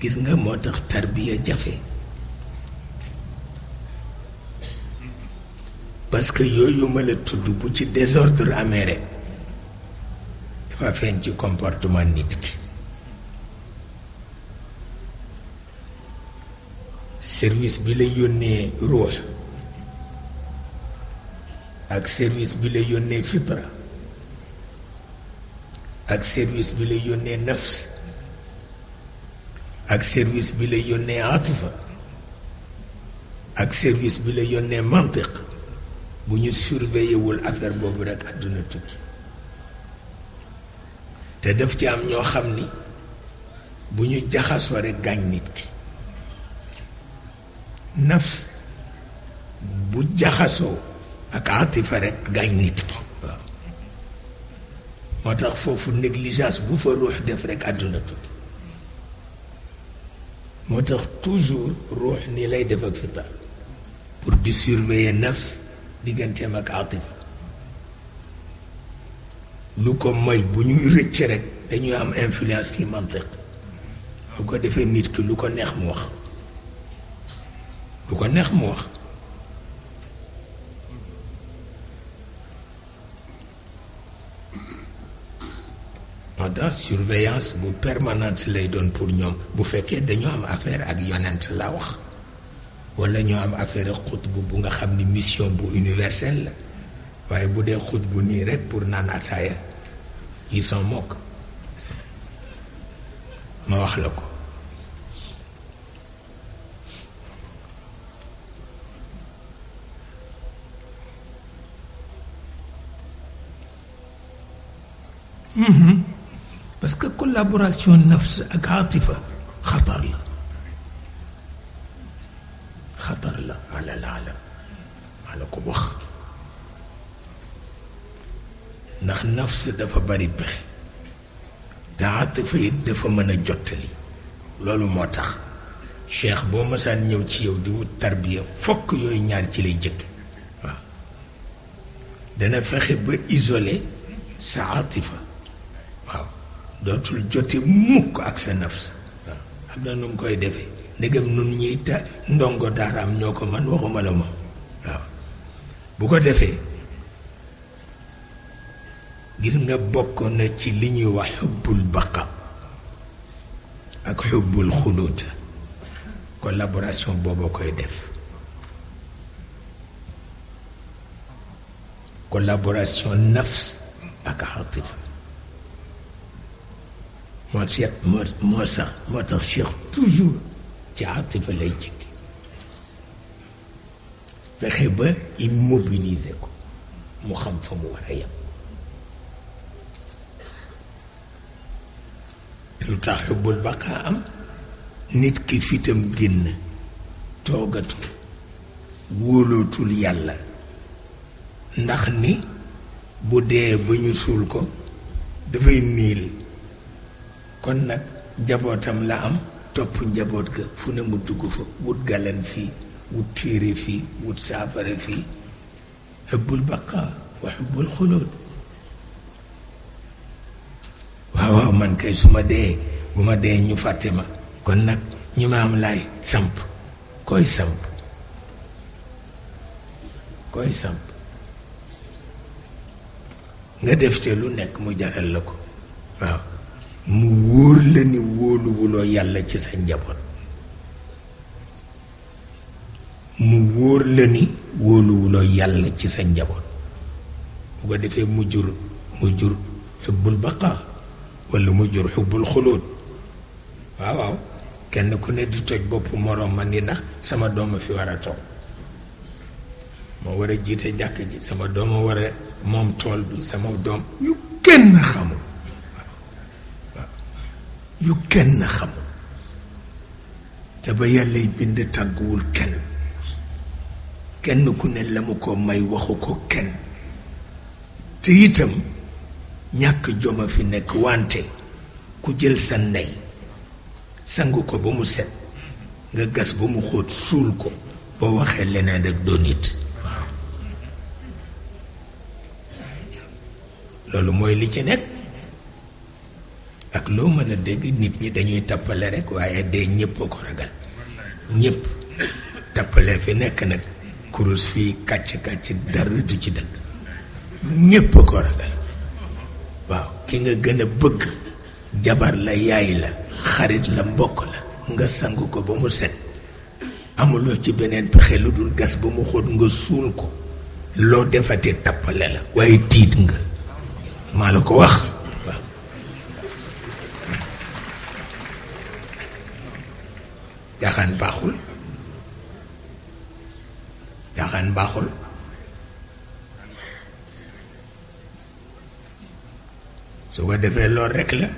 gis nga moo tax tarbiya jafe parce que yooyu ma la tudd bu ci désordre amee rek dafa feeñ ci comportement nit ki service bi la yónnee ruux ak service bi la yónnee fitra ak service bi la yónnee nafs ak service bi la yónnee atifa ak service bi la yónnee mantiq bu ñu surveiller wul affaire boobu rek àdduna tukki te daf ci am ñoo xam ni bu ñu jaxasoo rek gaañ nit ki nafs bu jaxasoo ak atifa rek gaañ nit ki waaw moo tax foofu négligence bu fa ruux def rek àdduna tukki motax toujours ruh ni lay def ak fitar pour di surveiller nafs digante ak atif lu ko may bu ñuy rëcc rek dañuy am influence ci mantiq bu ko defee nit ki lu ko neex mu wax lu ko neex mu wax surveillance permanente lay doon pour ñoom bu fekkee dañoo am affaire ak yonent la wax wala ñoo am affaire xutb bu nga xam mission bu universelle la waaye bu dee nii rek pour naan ataaya Ils s'en ma wax mm-hmm. بس كولابوراسيون نفس عاطفة خطر له خطر له على العالم على كوخ نخ نفس دفا باري بخ تعاطفة يدفا من جوتلي لولو موتخ شيخ بو مسان نيو تي يو ديو تربية فوك يو نيار تي لي جك آه. دانا فخي بو إيزولي سعاطفه dootul jote mukk ak sa nafs am na nu mu koy defee ndegam nun ñuy ta ndongo daaraam ñoo ko man waxuma la moom waaw bu ko defee gis nga bokk na ci li ñuy wax xubbul baqa ak xubbul xuluut collaboration boobu koy def collaboration nafs ak xatifa moi t'en toujours تعاطف ليجك fexe ba immobiliser ko mu xam fa mu war a yem lu tax xubbul baqaa am nit ki fitam génn toogatul wóolootul yàlla ndax ni bu dee ba ñu suul ko dafay niil kon nag njabootam la am topp njaboot ga fu ne mu dugg fa wut galan fii wut téere fii wut saafara fii xubbul baqaa wa xubbul xulóot waaw waaw man kay su ma dee bu ma dee ñu fàtte ma kon nag ñi ma am laay samp koy samp koy samp nga def ca lu nekk mu jaral la ko waaw mu wóor la ni wóoluwuloo yàlla ci sa njaboot mu wóor la ni wóoluwuloo yàlla ci sa njaboot bu ko defee mu jur mu jur xubbul baqaa wala mu jur xubbul xulóot waaw waaw kenn ku ne di toj bopp moroom ma ni ndax sama doom a fi war a toog moo war a jiite jàkk ji sama dooma war a moom tool bi sama doom yu kenn xamul yu kenn xam te ba yàlla bind tàgguwul kenn kenn ku ne la mu ko may waxu ko kenn te itam ñàkk joma fi nekk wante ku jël sa ndey sangu ko ba mu set nga gas ba mu xóot suul ko boo waxee leneen rek doo loolu mooy li ci nekk ak loo mën a dégg nit ñi dañuy tappale rekk waaye de ñëpp a ko ragal ñépp tappale fi nekk nag kurus fii kàcc-kàcc dara du ci dëkk ñépp a ko ragal waaw ki nga gën a bëgg jabar la yaay la xarit la mbokk la nga sangu ko ba mu set amuloo ci beneen pexe lu dul gas ba mu xot nga suul ko loo defatee tappale la waaye tiit nga maa la ko wax jaaxaan baaxul jaaxaan baaxul su ko defee lool rek la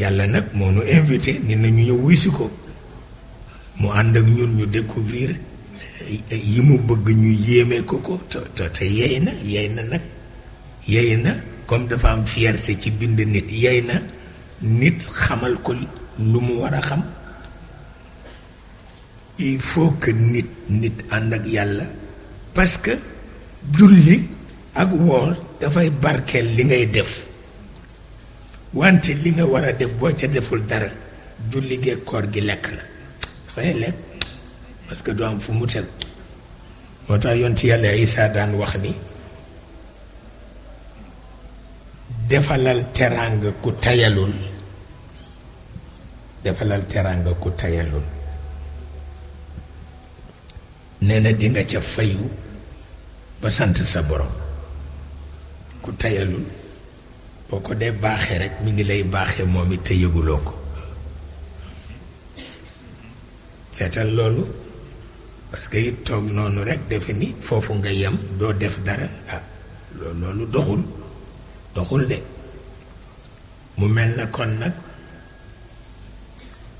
yàlla nag moo invité ni nañu ñëw wuy ko mu ànd ak ñun ñu découvrir yi mu bëgg ñu yéeme ko ko te te yey na yey na nag yey na comme dafa am fierté ci bind nit yey na nit xamal ko lu mu war a xam il faut que nit nit ànd ak yàlla parce que julli ak woor dafay barkeel li ngay def wante li nga war a def boo ca deful dara julli gee gi lekk la dafay lekk parce que doo fu mu teg moo tax yoon ci yàlla Isaa daan wax ni defalal teraanga ku tayalul defalal teraanga ku tayalul nee na dinga ca fayu ba sant sa borom ku tayalul boo ko dee baaxee rek mu ngi lay baaxee moom it te yëguloo ko seetal loolu parce que it toog noonu rek defe ni foofu nga yam doo def dara ah loolu doxul doxul de mu mel na kon nag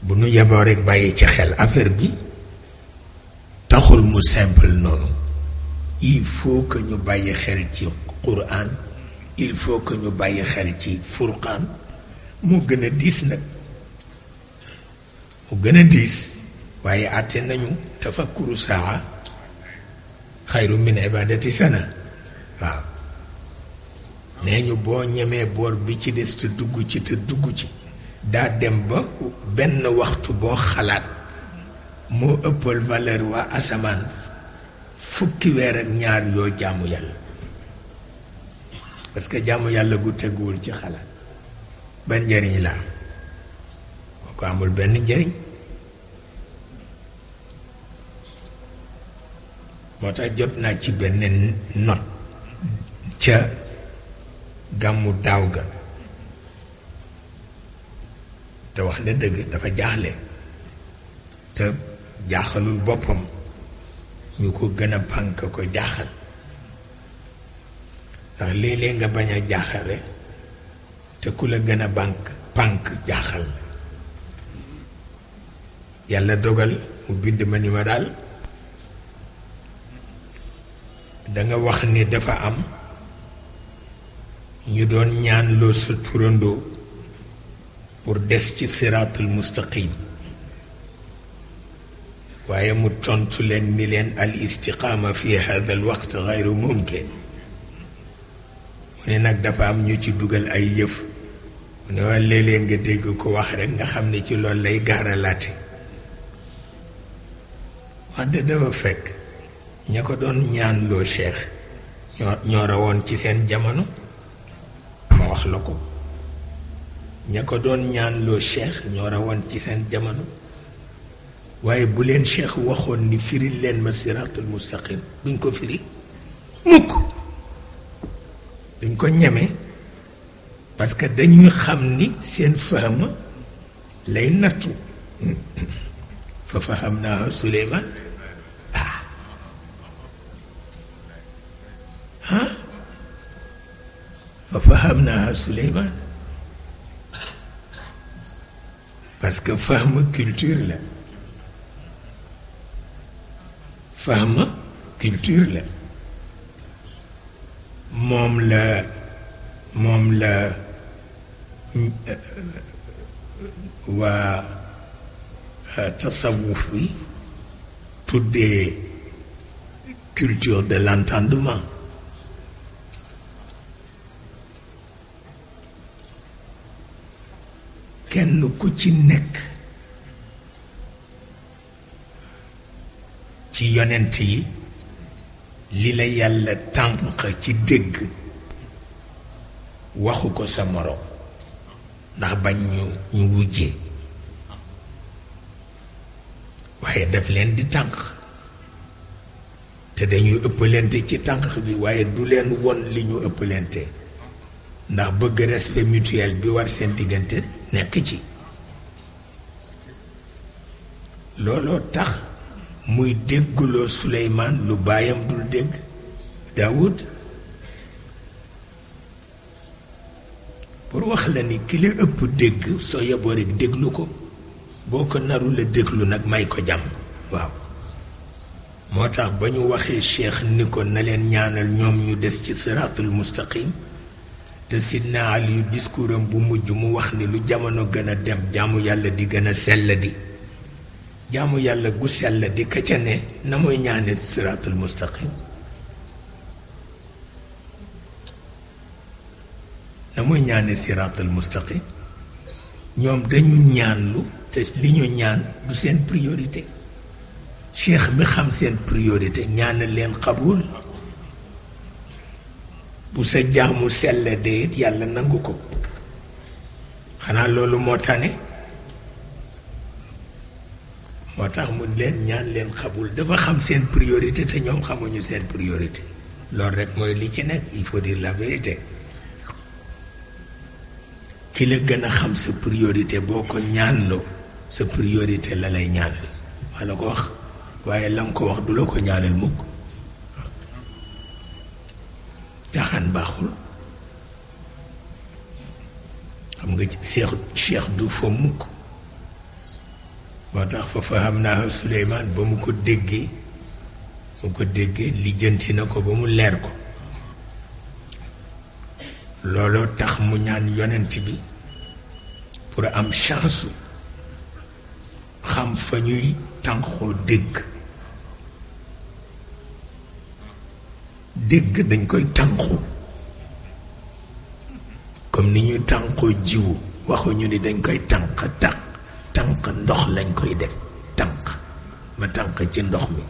bu nu yeboo rek bàyyi ci xel affaire bi taxul mu simple noonu il faut que ñu bàyyi xel ci quran il faut que ñu bàyyi xel ci furqaan mu gën a diis nag mu gën a diis waaye àtte nañu tafakkuru saa xayru min ibadati sana waaw nee ñu boo ñemee boor bi ci des te dugg ci te dugg ci daa dem ba benn waxtu boo xalaat moo ëppal valeur waa asamaan fukki weer ak ñaar yoo jaamu yàlla parce que jaamu yàlla gu teguwul ci xalaat benn njariñ la boo ko amul benn njariñ moo tax jot naa ci benn not ca gàmmu daaw ga te wax ne dëgg dafa jaaxle te jaaxalul boppam ñu ko gën a pànk ko jaaxal ndax léeg-léeg nga bañ a jaaxale te ku la gën a bànk pànk jaaxal yàlla dogal mu bind ma ni ma daal danga wax ni dafa am ñu doon ñaan loo sa turandoo pour des ci siraatul mustaqim وهي متنت لأن لأن الاستقامة في هذا الوقت غير ممكن ونك دفع من يتدوغ الأيف ونوال ليلين قديقو كواخر انك خمني تلو اللي لاتي وانت دو فك نكو دون نيان لو شيخ نيو روان كي سين جامانو موخ لكو نكو دون نيان لو شيخ نيو روان كي سين جامانو waaye bu leen cheikh waxoon ni firil leen ma siraatul mustaqim duñ ko firi mukk duñ ko ñeme parce que dañuy xam ni seen fahma lay nattu fa faham naa suleyman ah ah fa faham naa suleyman parce que fahma culture la fahma culture la moom la moom la euh, waa euh, tasawuf bi tuddee culture de l'entendement kenn ku ci nekk ci yonent yi li la yàlla tànq ci dégg waxu ko sa morom ndax bañ ñu ñu wujjee waaye daf leen di tànk te dañuy ëppalante ci tànk bi waaye du leen won li ñu ëppalante ndax bëgg respect mutuel bi war seen diggante nekk ci looloo tax muy déggloo Suleymaan lu baayam dul dégg Daawud pour wax la ni ki la ëpp dégg soo yeboo rek déglu ko boo ko naru la déglu nag may ko jàmm waaw moo tax ba ñu waxee cheikh ni ko na leen ñaanal ñoom ñu des ci siraatul mustaqim te sidna Aliyu discours am bu mujj mu wax ni lu jamono gën a dem jaamu yàlla di gëna a di jaamu yàlla gu sell di ka ca ne na muy ñaanit siraatul mustaqim na muy ñaanit siraatul mustaqim ñoom dañu ñaanlu te li ñu ñaan du seen priorité cheikh mi xam seen priorité ñaanal leen xabul bu sa jaamu sell de yàlla nangu ko xanaa loolu moo tane moo tax mun leen ñaan leen xabul dafa xam seen priorité te ñoom xamuñu seen priorité loolu rek mooy li ci nekk il faut dire la vérité ki la gën a xam sa priorité boo ko ñaanloo sa priorité la lay ñaanal maa la ko wax waaye la nga ko wax du la ko ñaanal mukk caaxaan baaxul xam nga Cheikh Cheikh du fa mukk moo tax fa am naa Suleymaan ba mu ko déggee mu ko déggee lijjanti na ko ba mu leer ko looloo tax mu ñaan yonent bi pour am chance xam fa ñuy tànqoo dégg dégg dañ koy tànqu comme ni ñuy tànqoo jiwu waxuñu ni dañ koy tànq tànq tànk ndox lañ koy def tànk ma tànk ci ndox mi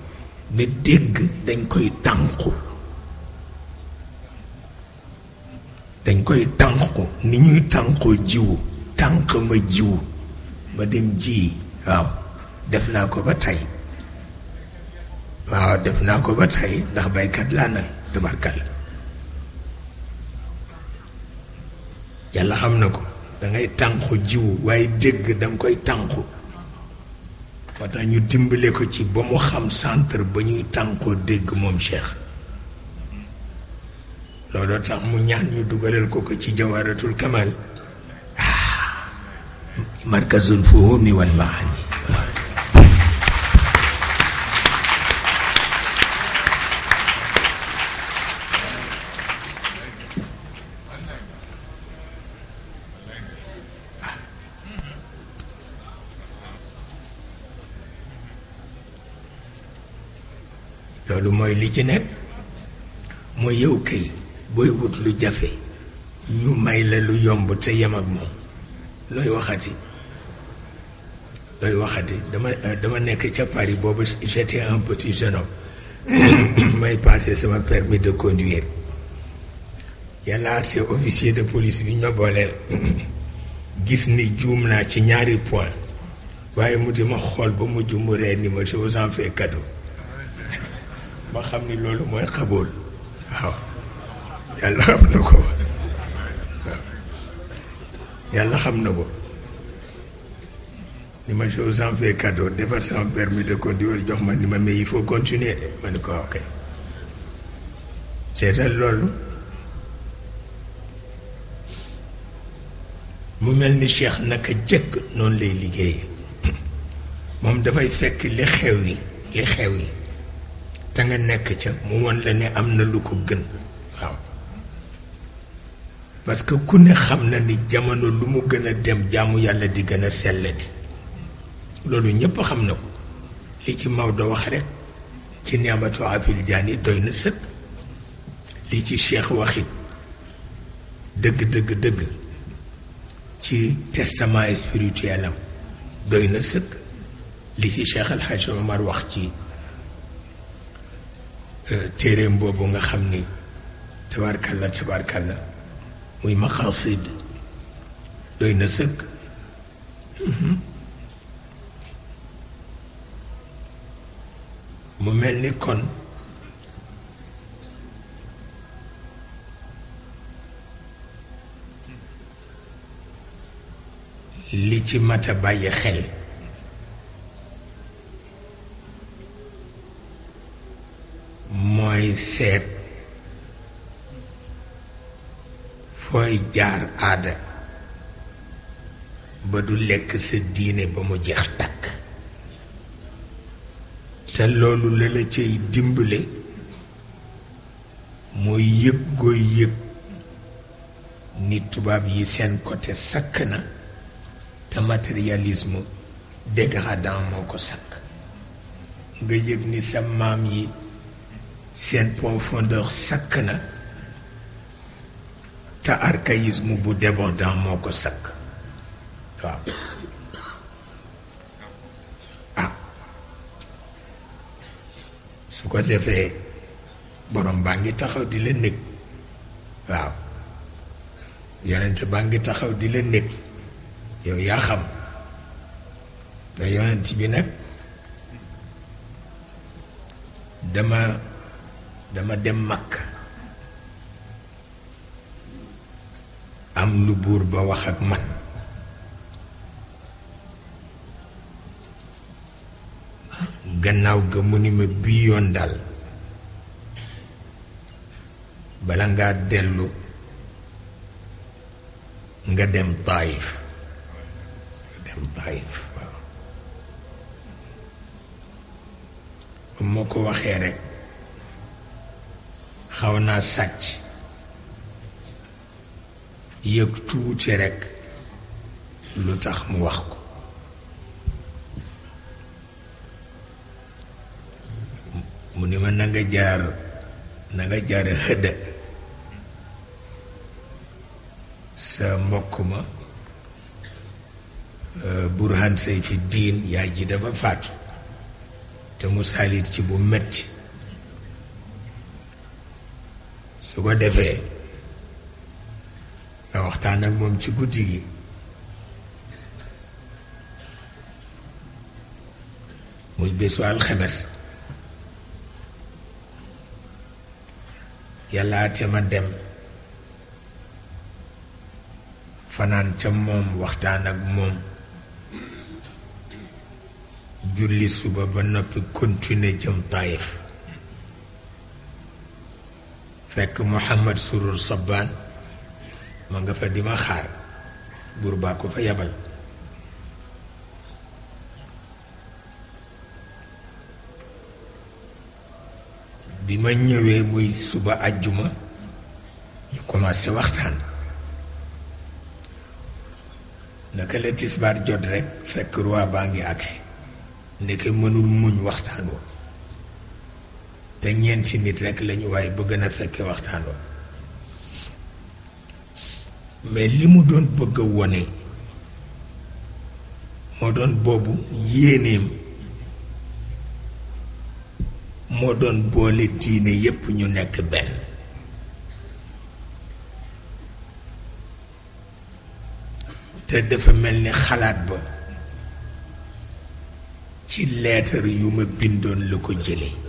ne dégg dañ koy tànku dañ koy tànku ni ñuy tànkoo jiw tànk ma jiw ma dem ji waaw def naa ko ba tay waaw def naa ko ba tey ndax baykat laa nag tabarkal yàlla xam na ko dangay tànku jiw waaye dégg danga koy tànku moo tax ñu dimbale ko ci ba mu xam centre ba ñuy tànqoo dégg moom Cheikh looloo tax mu ñaan ñu dugalal ko ko ci jawaratul kamal ah, markazul fuhumi wal maani loolu mooy li ci nekk mooy yow kay booy wut lu jafe ñu may la lu yomb te yem ak moom looy waxati looy waxati dama euh, dama nekk Paris boobu j'étais un petit jeune homme may passé sama permis de conduire yàlla c'est officier de police bi ma booleel gis ni juum naa ci ñaari point waaye ma ni ma je vous en fais cadeau je xam ni loolu mooy waaw yàlla xam ko yàlla xam na ko ni fait cadeau permis de conduire jox ma mais il faut continuer de ma ne ko ok seetal loolu mu mel Cheikh naka jëkk noonu lay moom dafay fekk li xew yi li te nga nekk ca mu won la ne am na lu ko gën waaw parce que ku ne xam na ni jamono lu mu gën a dem jaamu yàlla di gën a sellati loolu ñëpp xam na ko li ci Maodo wax rek ci neamatu afil jaani doy na sëkk li ci Cheikh waxit dëgg dëgg dëgg ci testament spirituel am doy na sëkk li ci Cheikh Al Hadj Omar wax ci téeréem boobu nga xam ni tabaarkalla la muy maqasid doy na sëkk mu mel ni kon li ci mat a bàyyi xel mooy seet fooy jaar aada ba du lekk sa diine ba mu jeex takk te loolu la la cay dimbale mooy yëg gooy yëg ni tubaab yi seen côté sakk na te matérialisme dégradant moo ko sakk nga yëg ni sa maam yi une profondeur sakk na te archaïsme bu débordant moo ko sakk waaw ah su borom baa ngi taxaw di la nekk waaw yonent baa ngi taxaw di la yow xam un yonent bi nag dama dama dem Makka am lu buur ba wax ak man gannaaw ga mu ni ma bii yoon daal bala ngaa dellu nga dem Taayif nga dem Taayif waaw moo ko waxee rekk xaw naa sàcc yëg tuuti rekk lu tax mu wax ko mu ni ma nanga jaar nanga jaar hëdda sa mbokk ma euh, burhan say fi diin yaay ji dafa faatu te mu saalit ci bu metti su ko defee nga waxtaan ak moom ci guddi gi muy bésu alxemes yàlla ca ma dem fanaan ca moom waxtaan ak moom julli suba ba noppi continuer jëm taayif fekk Mouhamad Surur Sabbaan ma nga fa di ma xaar buur baa ko fa yabal bi ma ñëwee muy suba àjjuma ñu commencé waxtaan naka la jot rekk fekk roi baa ngi agsi ndeke mënul muñ waxtaan te ñeenti nit rekk lañu waaye bëgg na fekke waxtaan mais li mu doon bëgg a wone moo doon moo doon boole diine yépp ñu nekk benn te dafa mel ni xalaat ba ci leetar yu ma bindoon la ko jëlee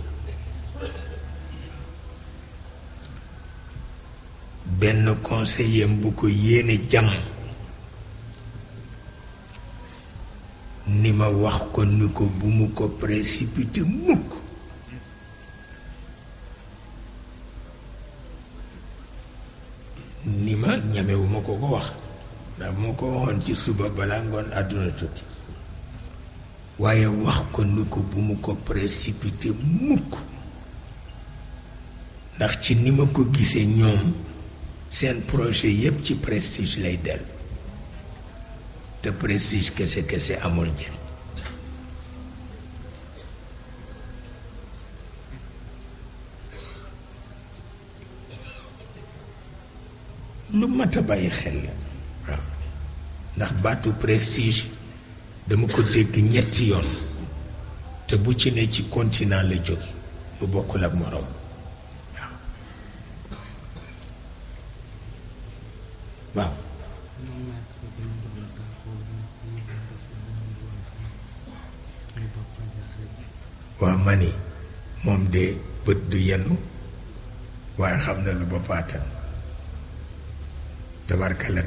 benn conseiller bu ko yéene jàmm ni ma wax ko ni ko bu mu ko précipité mukk ni ma ñamewuma ko ko wax ndax moo ko waxoon ci suba balaa ngoon àdduna tukki waaye wax ko ni ko bu mu ko précipité mukk ndax ci ni ma ko gisee ñoom seen projet yépp ci prestige lay dellu te prestige kese kese amul njëriñ lu mat a bàyyi xel la waaw ndax baatu prestige dama ko dégg ñetti yoon te bu ci ne ci continent la jóge lu bokkul ak moroom xam na lu ba paatan tabarkala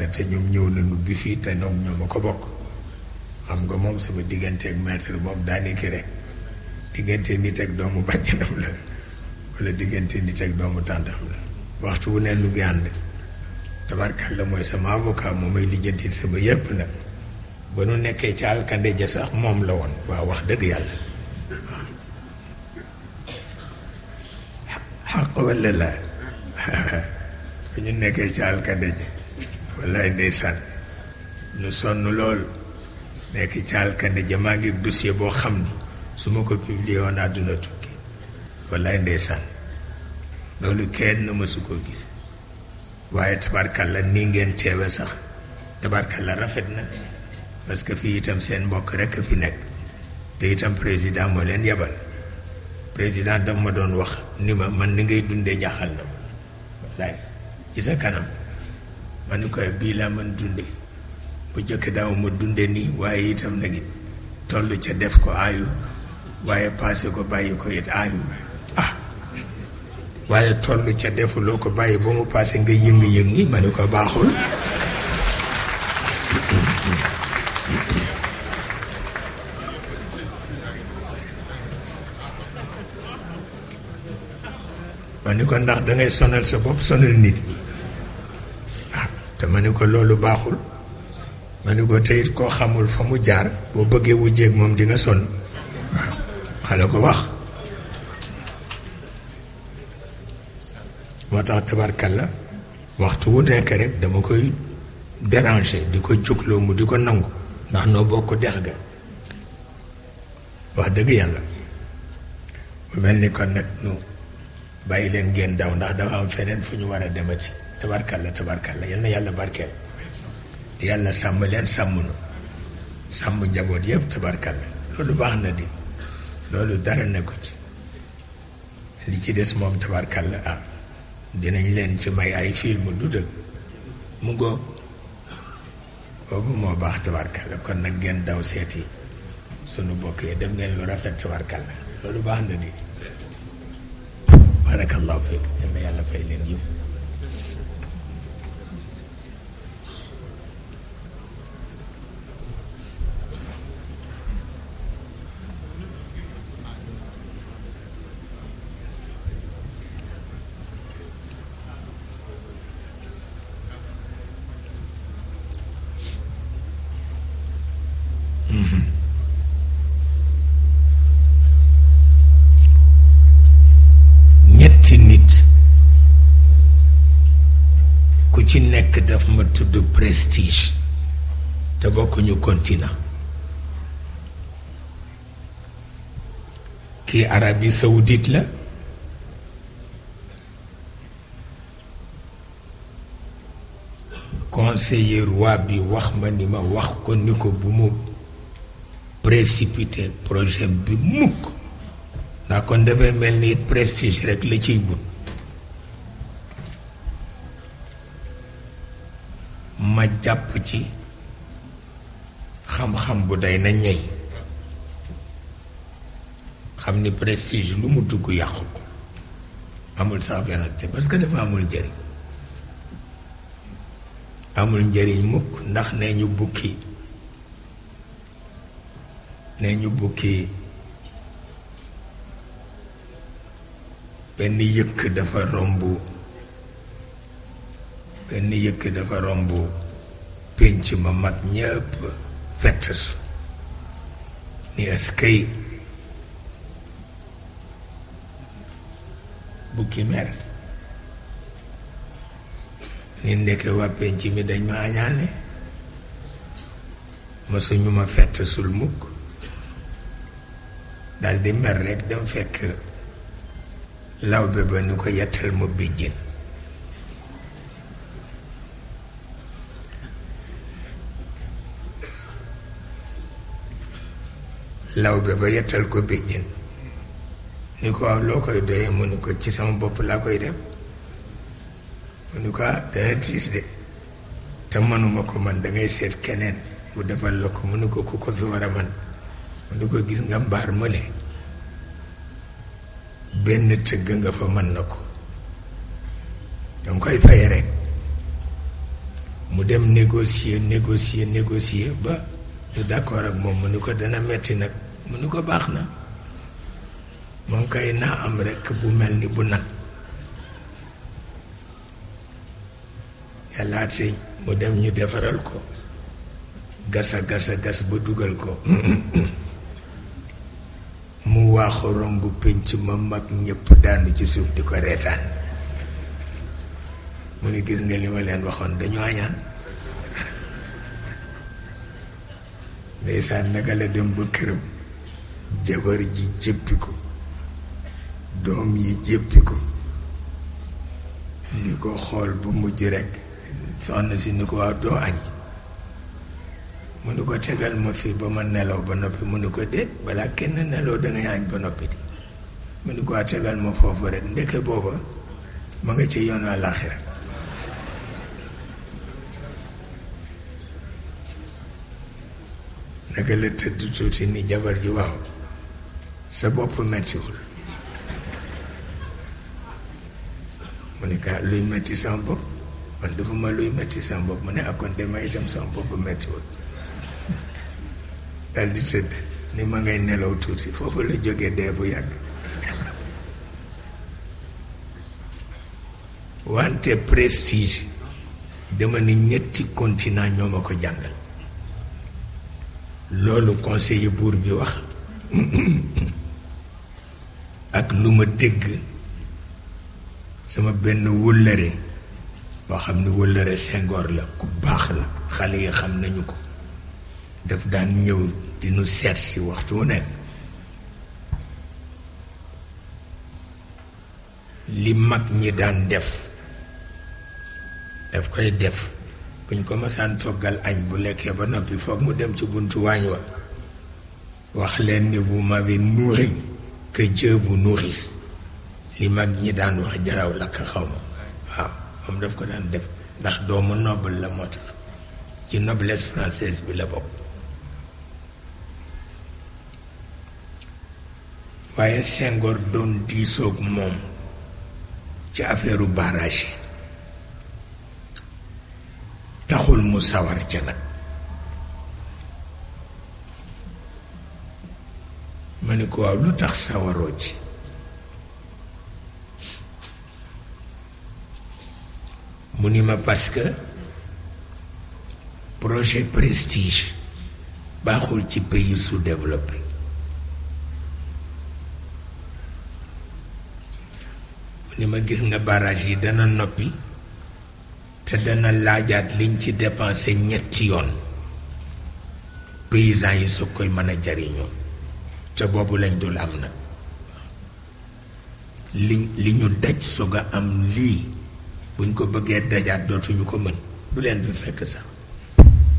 la te ñoom ñëw na bi fii te ñoom ñoo ma ko bokk xam nga moom sama diggante ak maître moom daaniki rek diggante nit ak doomu bàjjanam la wala diggante nit ak doomu tàntam la waxtu wu ne nu ngi ànd tabarkalla mooy sama avocat moom may lijjantil sama yëpp nag ba nu nekkee ca alkande ja sax moom la woon waa wax dëgg yàlla waaw xaq la laa bu ñu nekkee ci alkande ji wallaay ndeysaan ñu sonn lool nekk ci alkande ji maa ngi dossier boo xam ni su ma ko publié woon àdduna tukki wallaay ndeysaan loolu kenn mësu koo gis waaye la nii ngeen teewe sax la rafet na parce que fii itam seen mbokk rek a fi nekk te itam président moo leen yebal président dama ma doon wax ni ma man ni ngay dundee jaaxal la ma wallaay ci sa kanam ma ni koy bii laa mën dunde bu jëkk daaw ma dunde nii waaye itam nag it tollu ca def ko aayu waaye passé ko bàyyi ko it aayu ah waaye toll ca defuloo ko bàyyi ba mu passé nga yëngi-yëngi ma ni ko baaxul ma ko ndax dangay sonal sa bopp sonal nit ñi waaw ah, te ma ni ko loolu baaxul ma ko teyit koo xamul fa mu jaar boo bëggee wujjeeg moom di nga waaw ko wax moo tax tabarkalla waxtu wu nekk rek dama koy déranger di ko jugloo mu di ko nangu ndax noo bokk dex ga wax dëgg yàlla bu mel ni kon nag bàyyi leen ngeen daw ndax dafa am feneen fu ñu war a demati tabarkalla la yal na yàlla barkeel yàlla sàmm leen sàmm nu sàmm njaboot yëpp tabarkalla loolu baax na di loolu dara ne ko ci li ci des moom tabarkalla ah dinañ leen ci may ay film du dëgg mu ngoo boobu moo baax la kon nag ngeen daw seeti sunu bokk yi dem ngeen lu rafet tabarkalla loolu baax na di barakallahu fiik yal na yàlla fay leen yiw prestige te bokkuñu continent kii Arabie Saoudite la conseiller roi bi wax ma ni ma wax ko ni ko bu mu précipité projet bi mukk ndax kon dafay mel ni prestige rek la ciy but ma jàpp ci xam-xam bu day na ñey xam ni prestige lu mu dugg yàqu ko amul sax te parce que dafa amul njëriñ amul njëriñ mukk ndax nee ñu bukki nee ñu bukki benn yëkk dafa romb benn yëkk dafa romb pénc ma mag ñëpp fett ni askay bukki mer ni ndeke waa pénc mi dañ ma añaane ma suñu ma fett mukk daldi mer rekk dem fekk lawbe ba ñu ko yettal ma bijjin lawbe ba yettal ko béjjén ni ko waaw ah, loo koy doyee mu ni ko ci sama bopp laa koy def mu ni ko ah, dana tiis de te mënuma ko man dangay seet keneen mu defal la ko mu ni ko ku ko fi war a man mu ni ko gis nga mbaar mële benn tëgg nga fa mën na ko danga koy faye rek mu dem négocier négocier négocier ba ñu d'accord ak moom mu ni ko dana metti nag mu ni ko baax na moom kay naa am rekk bu mel ni bu nag yàllaat si mu dem ñu defaral ko gasa gasa gas ba dugal ko mu waaxu romb pénc ma mag ñépp daanu ci suuf di ko reetaan mu ni gis nga li ma leen waxoon dañu añaan ndeysaan naka la dem ba këram jabar ji jëppi ko doom yi jëppi ko di ko xool bu mujj rekk soxna si ni ko waaw doo añ mu ni ko tegal ma fii ba ma nelaw ba noppi mu ni ko déet balaa kenn nelaw dangay añ ba noppi di mu ni ko waa tegal ma foofu rekk ndeke booba ma nga ci yoon àllaaxira naka la tëdd tuuti ni jabar ji waaw sa bopp mettiwul mu ne kaa luy metti sama ma luy metti sama bopp mu ne ah, itam sama ni nelaw la jógee wante prestige dama ni ñetti continent ñoo ko conseiller bi wax ak lu ma dégg sama benn wëllëre boo xam ne wëllëre sengoor la ku baax la xale yi xam nañu ko daf daan ñëw di nu seet si waxtu wu nekk li mag ñi daan def daf koy def buñ ko masaan toggal añ bu lekkee ba noppi foog mu dem ci buntu waañ wa wax leen ni vous m'avez nourri que Dieu vous li mag ñi daan wax jaraw lakk xaw ma waaw moom daf ko daan def ndax doomu noble la moo tax ci noblesse française bi la bokk waaye Senghor doon diisoog moom ci affaire barrage yi taxul mu sawar ca nag ma ko waaw lu tax sawaroo ci mu ni ma parce que projet prestige baaxul ci pays sous mu ni ma gis nga barrage yi dana noppi te dana laajaat liñ ci dépensé ñetti yoon paysans yi su koy mën a jariñoo te boobu lañ dul am na li li ñu daj soog a am lii buñ ko bëggee dajaat dootuñu ko mën du leen fi fekk sax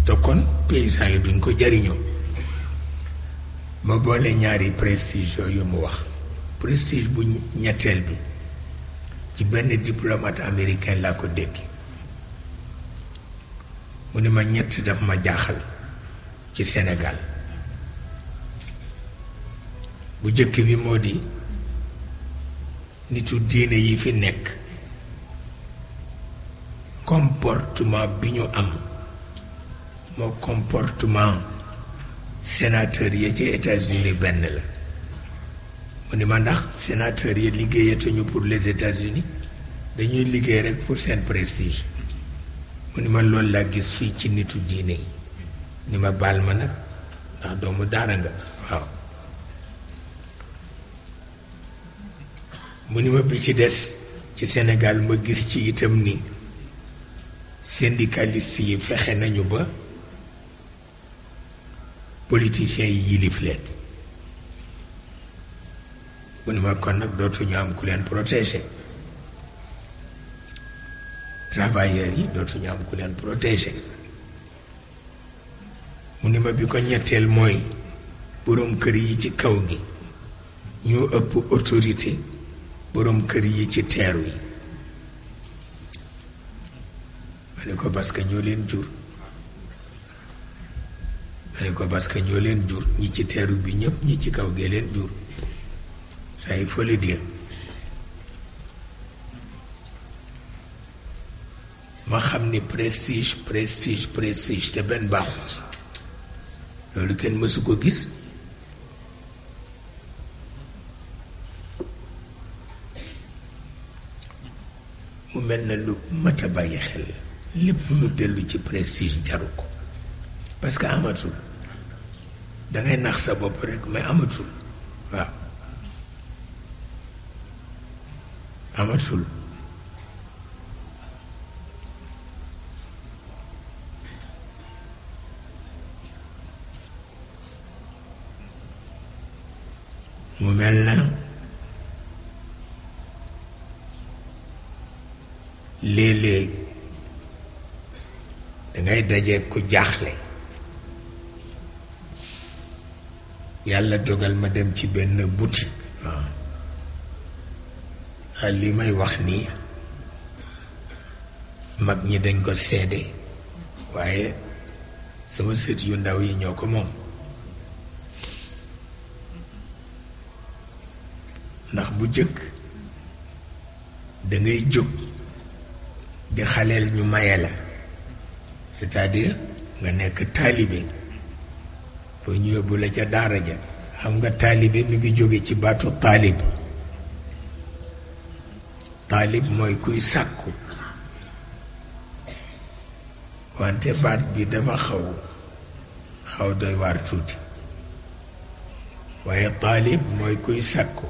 te kon paysan yi duñ ko jariñoo ma boole ñaari prestige yooyu mu wax prestige bu ñetteel bi ci benn diplomate américain laa ko dégg mu ne ma ñett daf ma jaaxal ci senegal bu jëkk bi moo di nitu diine yi fi nekk comportement bi ñu am moo comportement sénateur yi ci États-Unis benn la mu ni ma ndax sénateur yi liggéeyatuñu pour les États-Unis dañuy liggéey rek pour seen prestige mu ni ma loolu laa gis fii ci nitu diine yi ni ma baal ma nag ndax doomu daara nga mu ni bi ci des ci Sénégal ma gis ci itam ni syndicaliste yi fexe nañu ba politiciens yi yilif leen mu kon nag dootuñu am ku leen protéger travailleurs yi dootuñu am ku leen protéger mu bi ko ñetteel mooy boroom kër yi ci kaw gi ñu ëpp autorité boroom kër yi ci teeru yi ma ne ko parce que ñoo leen jur ma ne ko parce que ñoo leen jur ñi ci teeru bi ñëpp ñi ci kaw gee leen jur ça il faut le ma xam ni prestige prestige prestige te benn baaxu ci loolu kenn mësu ko gis mu mel na lu mat a bàyyi xel lépp lu dellu ci prestige jaru ko parce que amatul dangay nax sa bopp rek mais amatul waaw amatul mu mel na ngay dajee ku jaaxle yàlla dogal ma dem ci benn boutique waaw ah. li may wax nii mag ñi dañ ko seede waaye sama set yu ndaw yi ñoo ko moom ndax bu jëkk dangay jóg di xaleel ñu maye la c'est-à-dire nga nekk taalibe boo ñu yóbbu la ca daara ja xam nga taalibe mi ngi jóge ci baatu taalib taalib mooy kuy sàkku wante baat bi dafa xaw xaw doy waar tuuti waaye taalib mooy kuy sàkku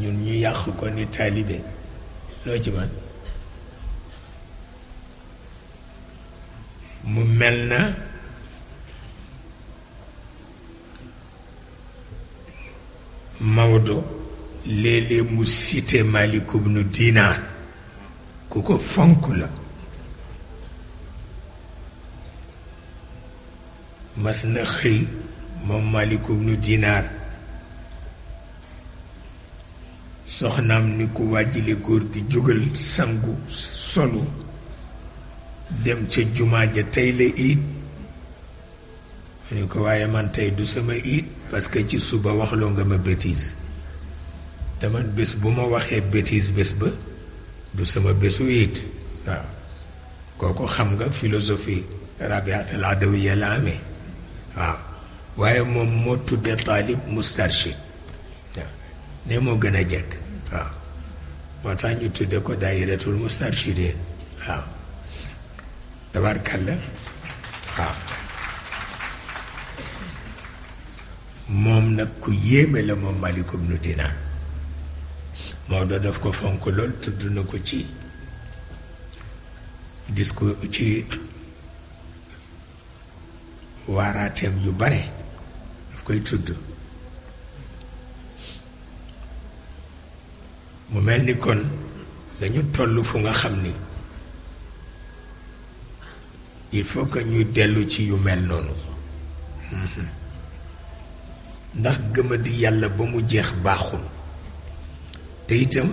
ñun ñu yàq ko ni taalibe loo ci man mu mel na Maodo léeg-léeg mu cité Malik ibnu Dinaar ku ko fonk la mas na xëy moom Malik ibnu Dinaar soxnaam ni ku wàjjile góor gi jógal sangu solu dem ci jumaa ja tey la iid ma ko waaye man tey du sama iid parce que ci suba waxloo nga ma bêtise dama bés bu ma waxee bêtise bés ba du sama bésu iid waaw kooku xam nga philosophie rabiat al adawiya la amee waaw waaye moom moo tuddee taalib mustarshid ne moo gën a jekk waaw moo tax ñu tudde ko daayiratul mustarshidin waaw tabarkàlla waaw moom nag ku yéeme la moom Malick ibnu Dinar Maodo daf ko fonk lool tudd na ko ci ko ci waaraateem yu bare daf koy tudd mu mel ni kon dañu tollu fu nga xam ni il faut que ñuy dellu ci yu mel noonu ndax gëmadi yàlla ba mu jeex baaxul te itam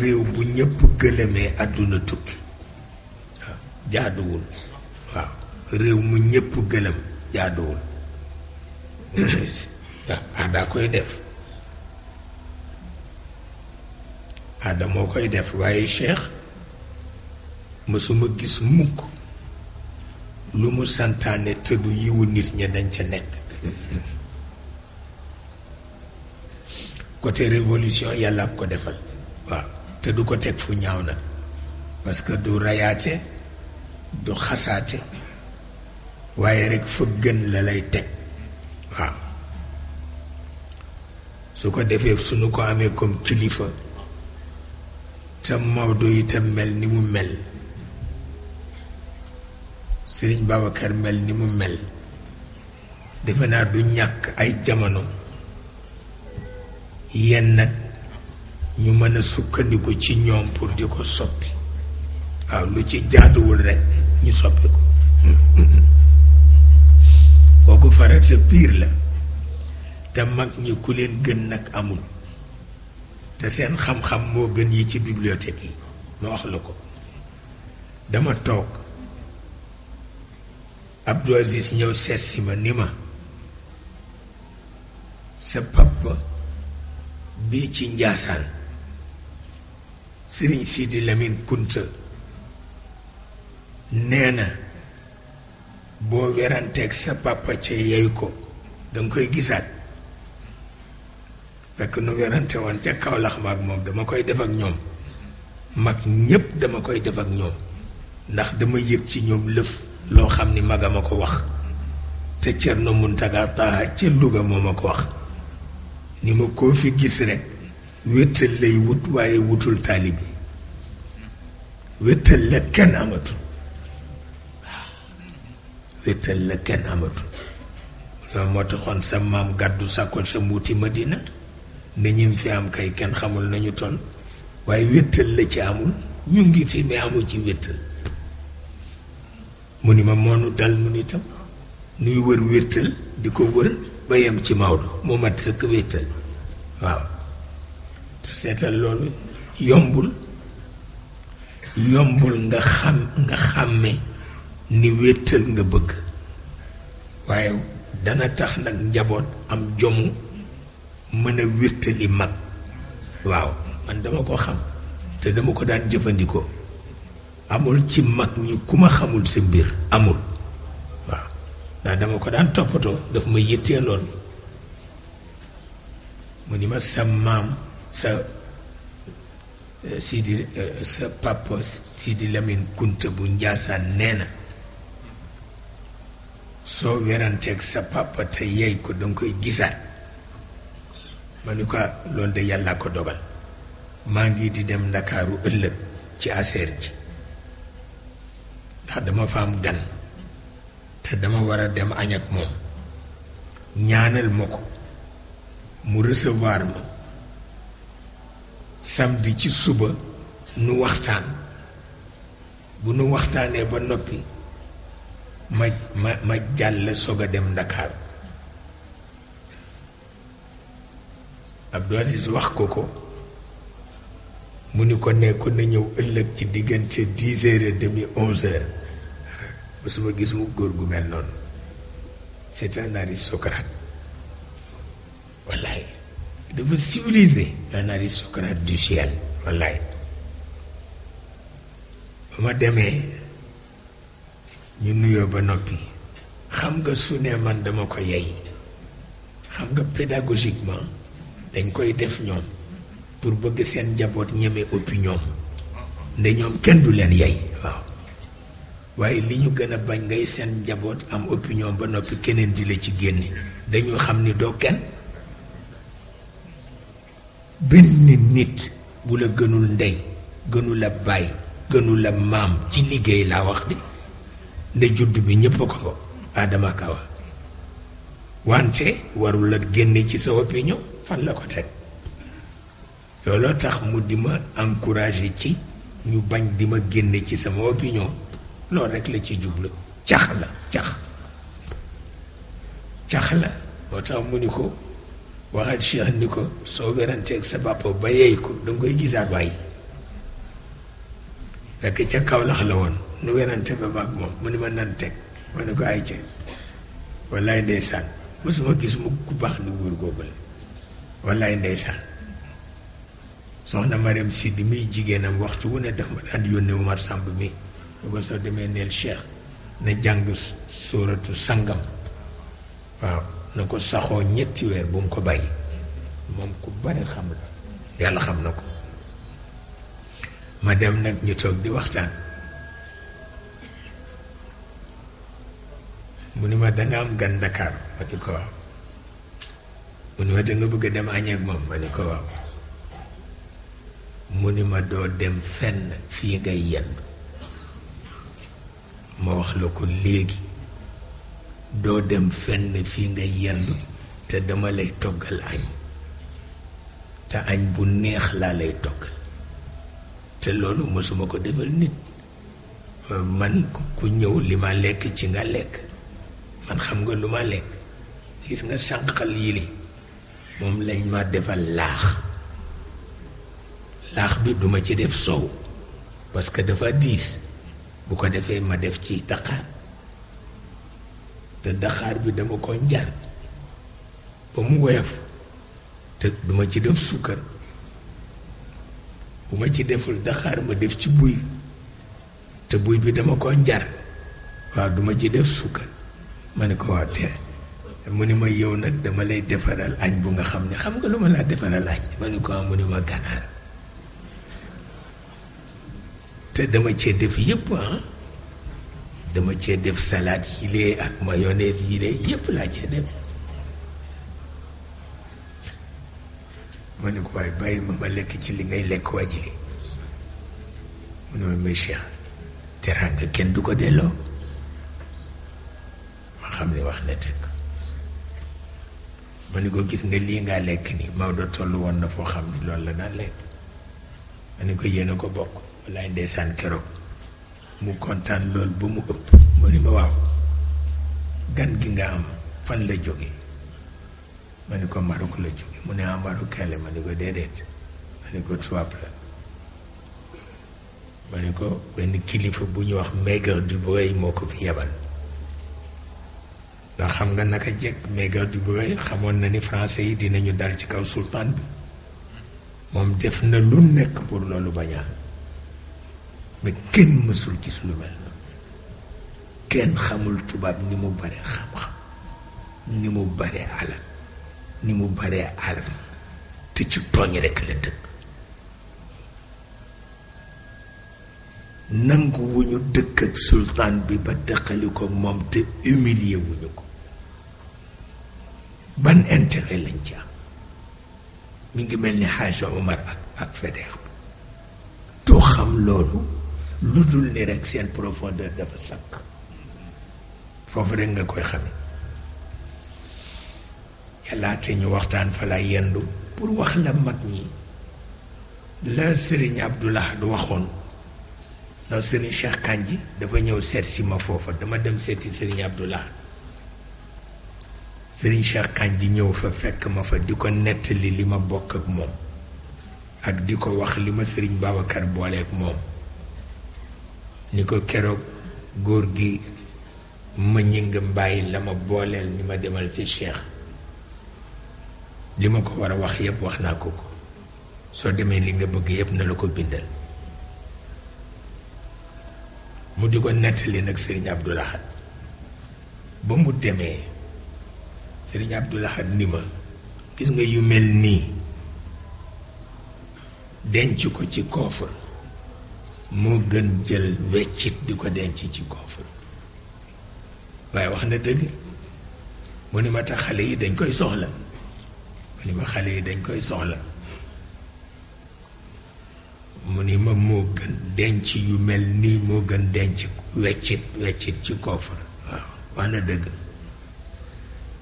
réew bu ñëpp gëlëmee àdduna tukki jaaduwul waaw réew mu ñëpp gëlëm jaaduwul aada koy def aada moo koy def waaye cheikh mësuma gis mukk lu mu santaane tëddu yiwu nit ña dañ ca nekk côté révolution yàlla ko defal waaw te du ko teg fu ñaaw nag parce que du rayaate du xasaate waaye rekk fa gën la lay teg waaw su ko defee suñu ko amee comme kilifa te Maodo itam mel ni mu mel sëriñ Babacar mel ni mu mel defe naa du ñàkk ay jamono yenn nag ñu mën a sukkandiku ci ñoom pour di ko soppi waaw lu ci jaaduwul rekk ñu soppi ko kooku farata piir la te mag ñi ku leen gën nag amul te seen xam-xam moo gën yi ci bibliothèque yi ma wax la ko dama toog Abdou Aziz ñëw seet si ma ni ma sa papa bii ci Njaasaan Sëriñ Sidi lemin Kunta nee na boo weranteeg sa papa ca yey ko danga koy gisaat fekk nu werante woon ca kaw ma moom dama koy def ak ñoom mag ñépp dama koy def ak ñoom ndax dama yëg ci ñoom lëf loo xam ni magam a ko wax te cer Cerno Muntaga Taaha ca Luga moo ko wax ni ma koo fi gis rek wéttal lay wut waaye wutul taalib yi wéttal la kenn amatu wéttal la kenn amatu yow moo taxoon sa maam gàddu sàkkoosam wuti Madina ne ñim fi am kay kenn xamul nañu toll waaye wéttal la ci amul ñu ngi fi mais amu ci wéttal mu ni ma moonu dal mu ni itam nuy wër wértal di ko wër ba yem ci Maodo mu mat sëkk wértal waaw te seetal loolu yombul yombul nga xam nga xàmme ni wértal nga bëgg waaye dana tax nag njaboot am jomu mën a wértali mag waaw man dama ko xam te dama ko daan jëfandikoo amul ci mag ñi ku ma xamul sa mbir amul waaw ndax dama ko daan toppatoo daf ma yëtteeloon mu ni ma sam maam sa eh, Sidi eh, sa papa Sidi Lamine Kunta bu Njaasaan nee na soo weranteeg sa papa te yey ko danga koy gisaat ma ni ko ah, loolu de yàlla ko dogal maa ngi di dem ndakaaru ëllëg ci aseer ji ndax dama fa am gan te dama war a dem añ ak moom ñaanal ma ko mu recevoir ma samedi ci suba nu waxtaan bu nu waxtaanee ba noppi ma ma ma jàll soog a dem Ndakaaru Abdou Aziz wax ko ko mu ni ko nekkoon na ñëw ëllëg ci diggante dix heures et demi onze heures musuma gis mu góor gu mel noonu c'est un aristocrate wallaay dafa civilisé un aristocrate du ciel wallaay ba ma demee ñu nuyoo ba noppi xam nga su ne man dama ko yey xam nga pédagogiquement dañ koy def ñoom pour bëgg seen njaboot ñeme ëppi nde ñoom kenn du leen yey waaw waaye li ñu gën a bañ ngay seen njaboot am opinion ba noppi keneen di la ci génne dañu xam ni doo kenn benn nit bu la gënul ndey gënul a baay gënul maam ci liggéey laa wax di nde judd bi ñépp ko ko Adama Ka wante warul génne ci sa opinion fan la ko teg looloo tax mu di ma encouragé ci ñu bañ di ma génne ci sama opinion loolu rek la ci jublu cax la cax cax la moo tax mu ni ko waxat Cheikh ni ko soo weranteeg sa papa ba yeey ko danga koy gisaat waay rekk ca Kawlax la woon nu werante fa baag moom mu ni ma nan teg ma ne ko ay ca wallaay ndeysaan mosuma gis mu ku baax ni góor googu la wallaay ndeysaan soxna mariam sidi mi jigéenam waxtu wu ne daf ma daan yónne umar samb mi lu ko soo demee neel cheikh na jàng suratu sangam waaw na ko saxoo ñetti weer bu mu ko bàyyi moom ku bari xam la yàlla xam na ma dem nag ñu toog di waxtaan mu ni ma danga am gan Dakar ma ni ko waaw mu ni ma bëgg dem añeeg moom ma ni ko waaw mu ni ma doo dem fenn fii ngay yendu ma wax la ko léegi doo dem fenn fii ngay yendu te dama lay toggal añ te añ bu neex laa lay toggal te loolu mësuma ko defal nit man ku ñëw li ma lekk ci nga lekk man xam nga lu ma lekk gis nga sànqal yi li moom lañ ma defal laax laax bi duma ci def soow parce que dafa diis bu ko defee ma def ci daqaar te daqaar bi dama ko njar ba mu woyof te duma ci def sukkar bu ma ci deful daqaar ma def ci buy te buy bi dama ko njar waaw duma ci def sukkar ma ne ko waaw te mu ni ma yow nag dama lay defaral añ bu nga xam ne xam nga lu ma laa defaral añ ma ne ko mu ni ma ganaar te dama cee def yépp ah dama cee def salade yile ak mayonnaise yile yëpp laa cee def ma ne ko waaye bàyyi ma ma lekk ci li ngay lekk waa ji mu ne ma mais Cheikh teraanga kenn du ko delloo ma xam ne wax na tëgg ma ne ko gis nga lii ngaa lekk ni Maodo toll woon na foo xam ne loolu la daan lekk ma ne ko yéen ko bokk wallaay ndeysaan keroog mu kontaan lool bu mu ëpp mu ni ma waaw gan gi nga am fan la jóge ma ni ko Maroc la jóge mu ne ah marocain la ma ni ko déedéet ma ni ko tubaab la ma ni ko benn kilifa bu ñu wax Maigre Dubreuil moo ko fi yebal ndax xam nga naka jekk Maigre xamoon na ni français yi dinañu dal ci kaw sultan bi def na lu nekk pour loolu bañaa mais kenn mësul gis lu mel noonu kenn xamul tubaab ni mu bare xam-xam ni mu bare alal ni mu bare alal te ci tooñ rek la dëkk nangu wuñu dëkk ak sultaan bi ba dëqali ko moom te humilier wuñu ko ban intérêt lañ ci am mi ngi mel ni xaaja Omar ak ak fedeex bi doo xam loolu lu dul ni rek seen profondeur dafa sakk foofu rek nga koy xame yàlla te ñu waxtaan fa laa yendu pour wax la mag ñi la sëriñ Abdoulaye du waxoon non sëriñ Cheikh Kandji dafa ñëw seet si ma foofa dama dem seeti sëriñ Abdoulaye sëriñ Cheikh Kandji ñëw fa fekk ma fa di ko nettali li ma bokk ak moom ak di ko wax li ma sëriñ Babacar booleeg moom ni ko keroog góor gi ma ñëng mbàyyi la ma booleel ni ma demal ci cheikh li ma ko war a wax yépp wax naa ko ko soo demee li nga bëgg yépp na la ko bindal mu di ko nettali nag sëriñ Abdou ba mu demee sëriñ Abdou Lahad ni ma gis nga yu mel nii denc ko ci coffre moo gën jël weccit di ko denc ci koofur waaye wax na dëgg mu ni ma tax xale yi dañ koy soxla mu ni ma xale yi dañ koy soxla mu moo gën denc yu mel nii moo gën denc weccit weccit ci koofur waaw wax na dëgg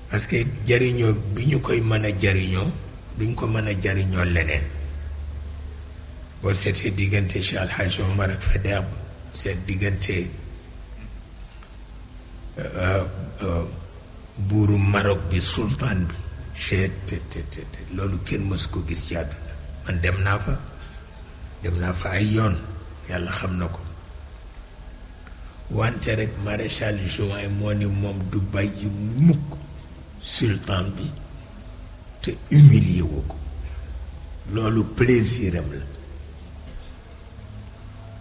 parce que jariñoo bi ñu koy mën a jariñoo duñ ko mën a jariñoo leneen وسيتي ديغنتي شال حاج عمر فداب سيت ديغنتي بورو ماروك بي سلطان بي شيت لولو كين مسكو غيس تي من دم نافا دم نافا اي يون يالا خم نكو وانت رك مارشال جوان موني موم دبي موك سلطان بي تي اوميلي لولو بليزيرم لك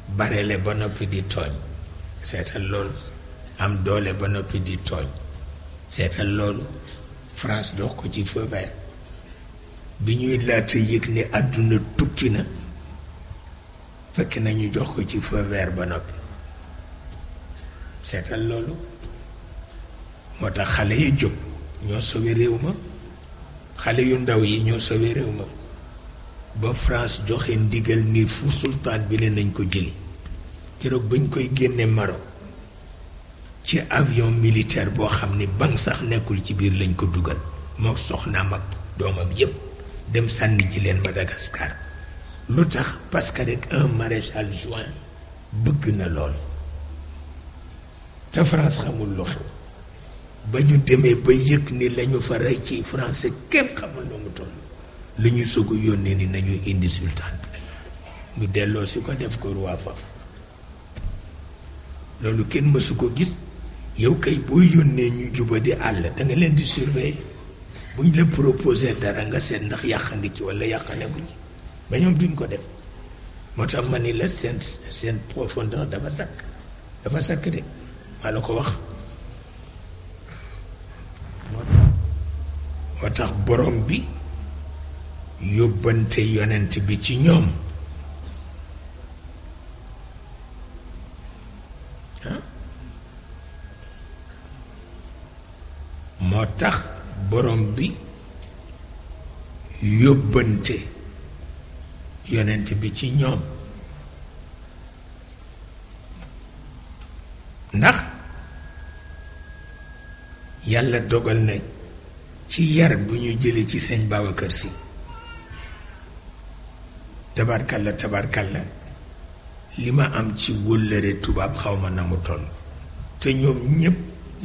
barele ba noppi cest tooñ seetal amdol am doole ba C'est un France dox ko ci feu vert bi ñuy laata yëg ne àdduna na fekk nañu jox ko ci feu vert cest noppi seetal loolu yi ñoo ma yu ndaw yi ñoo ba France joxe ndigal ni fu sultaan bi ne nañ ko jëli keroog bañ koy génne Maroc ci avion militaire boo xam ni banque sax nekkul ci biir lañ ko dugal moo soxnaam mag doomam yépp dem sànni ji leen Madagascar lu tax parce que rek un maréchal juin bëgg na lool te France xamul lu xew ba ñu demee ba yëg ni lañu fa rey ci français kenn xamul nu mu toll lu ñu sugg yónnee ni nañu indi sultaan bi ñu delloo si ko def ko roi loolu kenn mësu ko gis yow kay boo yónnee ñu juba di àll da nga leen di surveiller bu ñu la proposé dara nga seet ndax yàq ngi ci walla yàqane bu ci ba ñoom duñ ko def moo tax ma ni la seen seen profondeur dafa sakk dafa sakk de maa la ko wax moo tax borom bi yóbbante yonent bi ci ñoom moo tax borom bi yóbbante yonent bi ci ñoom ndax yàlla dogal na ci yar bu ñu jële ci seen sëñ kër Si la tabarkalla la li ma am ci wóllëre tubaab xaw ma na mu toll te ñoom ñépp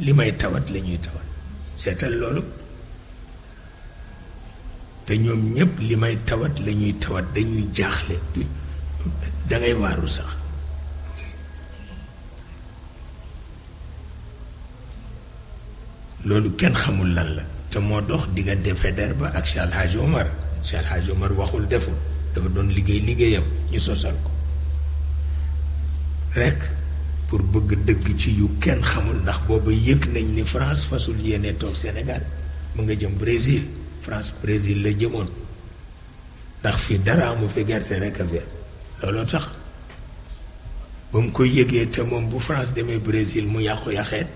li may tawat la ñuy tawat seetal te ñoom ñépp li may tawat la ñuy tawat dañuy jaaxle dangay waaru sax loolu kenn xamul lan la te moo dox diggante Faidherbe ba ak Cheikh Alhaji Omar Cheikh Alhaji Omar waxul deful dafa doon liggéey liggéeyam ñu sosal ko rekk pour bëgg dëgg ci yu kenn xamul ndax booba yëg nañ ni France fasul yéene toog Sénégal mu nga jëm Brésil France Brésil la jëmoon ndax fi dara amu fi gerte rekk a fi looloo tax ba mu ko yëgee te moom bu France demee Brésil mu yàqu yaxeet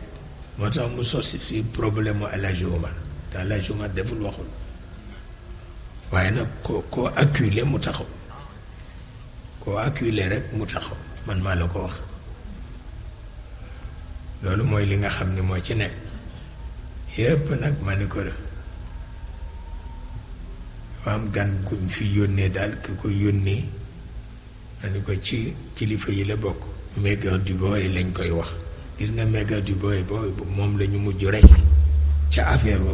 moo tax mu sos fi problème mu El Hadj Omar te El Hadj deful waxul waaye nag koo koo acculé mu taxaw koo acculé rek mu taxaw man maa la ko wax loolu mooy li nga xam ni mooy ci nekk yépp nag ma ni ko def am gan guñ fi yónnee daal ki ko yónnee ma ni ko ci kilifa yi la bokk Mégane Dubois lañ koy wax gis nga Mégane Dubois boobu moom la mujj rek ca affaire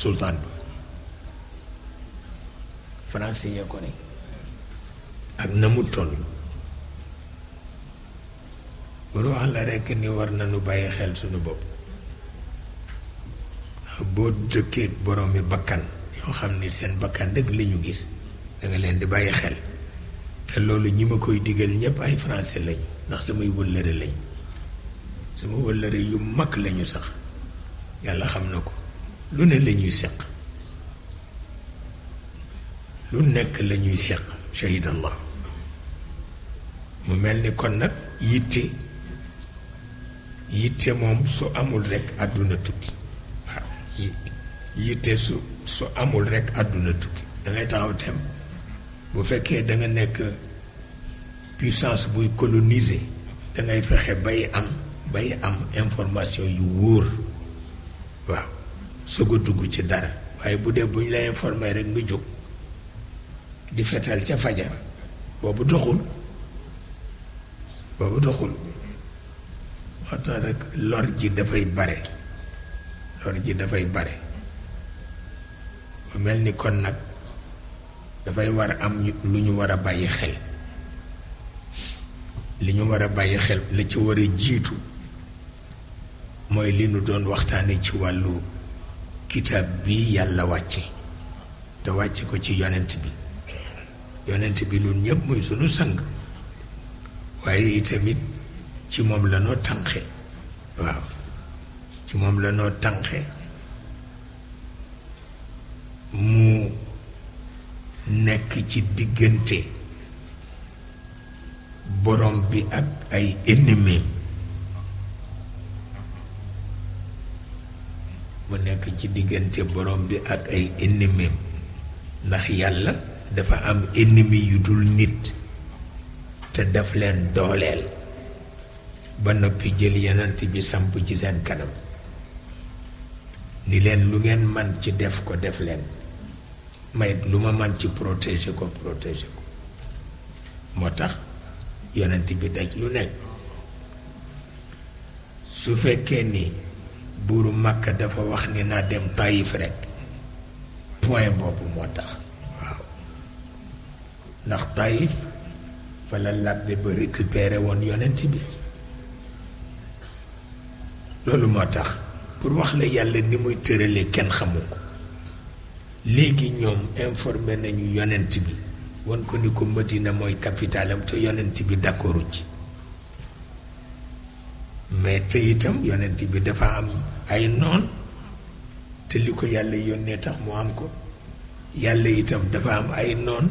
sultaan ba français yee ko ne ak na mu toll pour wax la rekk ni war nañu bàyyi xel suñu bopp boo dëkkee boroomi bakkan yoo xam ni seen bakkan rek li ñu gis danga leen di bàyyi xel te loolu ñi ma koy digal ñépp ay français lañ ndax samay wëllëre lañ sama wëllëre yu mag lañu sax yàlla xam na ko lu ne lañuy seq lu nekk la ñuy seq shahid mu mel ni kon nag yitte yitte moom su amul rekk àdduna tukki waaw yitte su su amul rekk àdduna tukki dangay taxaw tem bu fekkee da nga nekk puissance buy coloniser dangay fexe bay am bay am information yu wóor waaw sëg a dugg ci dara waaye bu dee buñ ñu la informé rekk nga jóg di fetal ca fajar boobu doxul boobu doxul waxtaan rek lor ji dafay bare lor ji dafay bare bu mel ni kon nag dafay war a am lu ñu war a bàyyi xel li ñu war a bàyyi xel la ci war a jiitu mooy li nu doon waxtaane ci wàllu kitaab bi yàlla wàcce te wàcce ko ci yonent bi yonent bi nun ñëpp muy sunu sang waaye itamit ci moom la noo tànqe waaw ci moom la noo tànqe mu nekk ci diggante borom bi ak ay ennemis mu nekk ci diggante borom bi ak ay ennemis ndax yàlla dafa am ennemi yu dul nit te daf leen dooleel ba noppi jël yenant bi samp ci seen kanam ni leen lu ngeen man ci def ko def leen may lu ma man ci protéger ko protéger ko moo tax yonent bi daj lu nekk su fekkee ni buuru Makka dafa wax ni naa dem Taïf rekk point boobu moo tax ndax Taïf fa la làbbe ba récupéré woon yonent bi loolu moo tax pour wax la yàlla ni muy tëralee kenn xamu ko léegi ñoom informé nañu yonent bi wan ko ni ko Madina mooy capitalam te yonent bi d'accordu ci mais te itam yonent bi dafa am ay noon te li ko yàlla yónnee tax mu am ko yàlla itam dafa am ay noon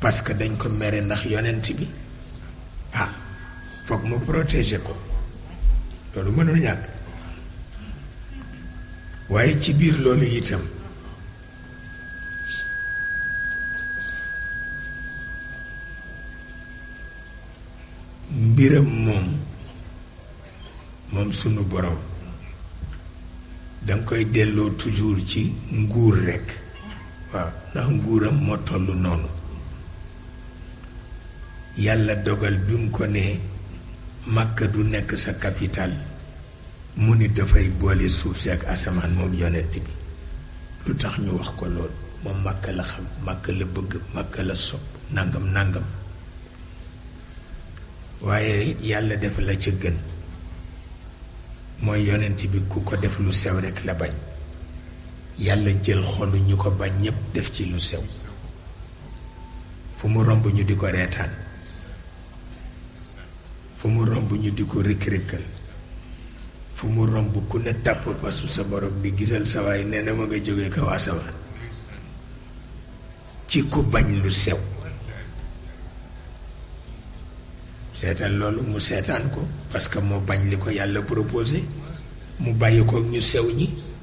parce que dañ ko mere ndax yonent bi ah foog mu protéger ko loolu mënul ñàkk waaye ci biir loolu itam mbiram moom moom sunu borom danga koy delloo toujours ci nguur rekk waaw ndax nguuram moo toll noonu yàlla dogal bi mu ko ne màkka du nekk sa capital mu ni dafay boole suuf si ak asamaan moom yonent bi lu tax ñu wax ko lool moom màkka la xam màkka la bëgg màkka la sopp nangam nangam waaye yàlla def la ca gën mooy yonent bi ku ko def lu sew rekk la bañ yàlla jël xolu ñu ko bañ ñépp def ci lu sew fu mu romb ñu di ko reetaan fu mu romb ñu di ko rëkk-rëkkal fu mu romb ku ne tàpp sa borom bi gisal sawaay nee na ma nga jógee kaw asamaan ci ku bañ lu sew seetaan loolu mu seetaan ko parce que moo bañ li ko yàlla proposé mu bàyyi ko ñu sew ñi